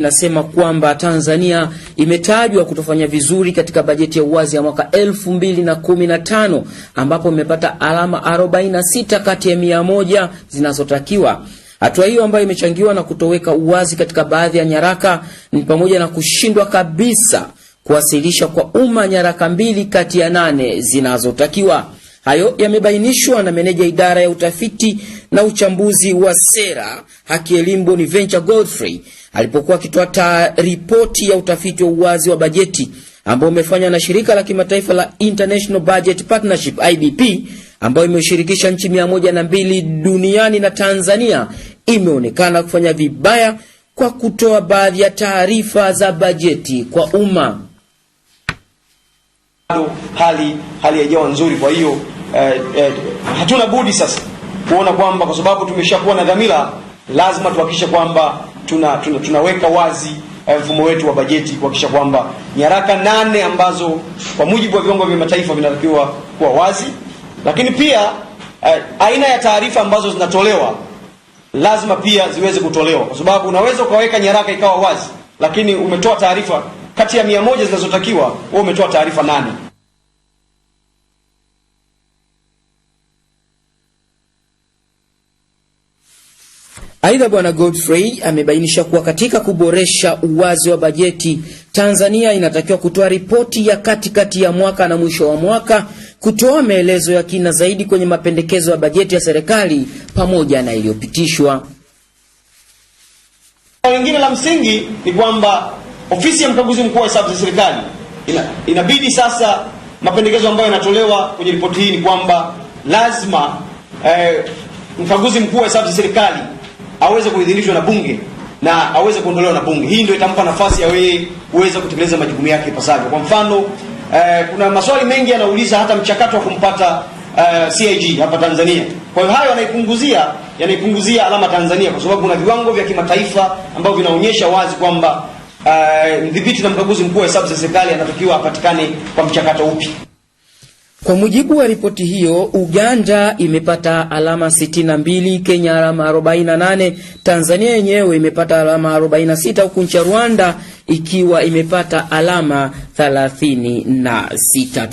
Nasema kwamba Tanzania imetajwa kutofanya vizuri katika bajeti ya uwazi ya mwaka 2015 ambapo imepata alama 46 kati ya mia moja zinazotakiwa. Hatua hiyo ambayo imechangiwa na kutoweka uwazi katika baadhi ya nyaraka ni pamoja na kushindwa kabisa kuwasilisha kwa umma nyaraka mbili kati ya nane zinazotakiwa. Hayo yamebainishwa na meneja idara ya utafiti na uchambuzi wa sera Hakielimu Bonaventure Godfrey alipokuwa akitoa ripoti ya utafiti wa uwazi wa bajeti ambao umefanywa na shirika la kimataifa la International Budget Partnership IBP ambayo imeshirikisha nchi mbili duniani na Tanzania imeonekana kufanya vibaya kwa kutoa baadhi ya taarifa za bajeti kwa umma. Hali hali haijawa nzuri, kwa hiyo eh, eh, hatuna budi sasa kuona kwamba kwa sababu tumeshakuwa na dhamira, lazima tuhakikishe kwamba tuna, tuna, tunaweka wazi eh, mfumo wetu wa bajeti kuhakikisha kwamba nyaraka nane ambazo kwa mujibu wa viwango vya mataifa vinatakiwa kuwa wazi, lakini pia eh, aina ya taarifa ambazo zinatolewa lazima pia ziweze kutolewa, kwa sababu unaweza ukaweka nyaraka ikawa wazi, lakini umetoa taarifa kati ya mia moja zinazotakiwa wewe umetoa taarifa nane. Aidha, Bwana Godfrey amebainisha kuwa katika kuboresha uwazi wa bajeti, Tanzania inatakiwa kutoa ripoti ya katikati kati ya mwaka na mwisho wa mwaka, kutoa maelezo ya kina zaidi kwenye mapendekezo ya bajeti ya serikali pamoja na iliyopitishwa. Lingine la msingi ni kwamba ofisi ya mkaguzi mkuu wa hesabu za serikali ina, inabidi sasa mapendekezo ambayo yanatolewa kwenye ripoti hii ni kwamba lazima eh, mkaguzi mkuu wa hesabu za serikali aweze kuidhinishwa na bunge na aweze kuondolewa na bunge. Hii ndio itampa nafasi ya wewe kuweza kutekeleza majukumu yake ipasavyo. Kwa mfano eh, kuna maswali mengi yanauliza hata mchakato wa kumpata eh, CIG hapa Tanzania. Kwa hiyo hayo yanaipunguzia yanaipunguzia alama Tanzania kwa sababu kuna viwango vya kimataifa ambavyo vinaonyesha wazi kwamba eh, mdhibiti na mkaguzi mkuu wa hesabu za serikali anatakiwa apatikane kwa mchakato upi. Kwa mujibu wa ripoti hiyo, Uganda imepata alama 62, Kenya alama 48, Tanzania yenyewe imepata alama 46, huku nchi ya Rwanda ikiwa imepata alama 36.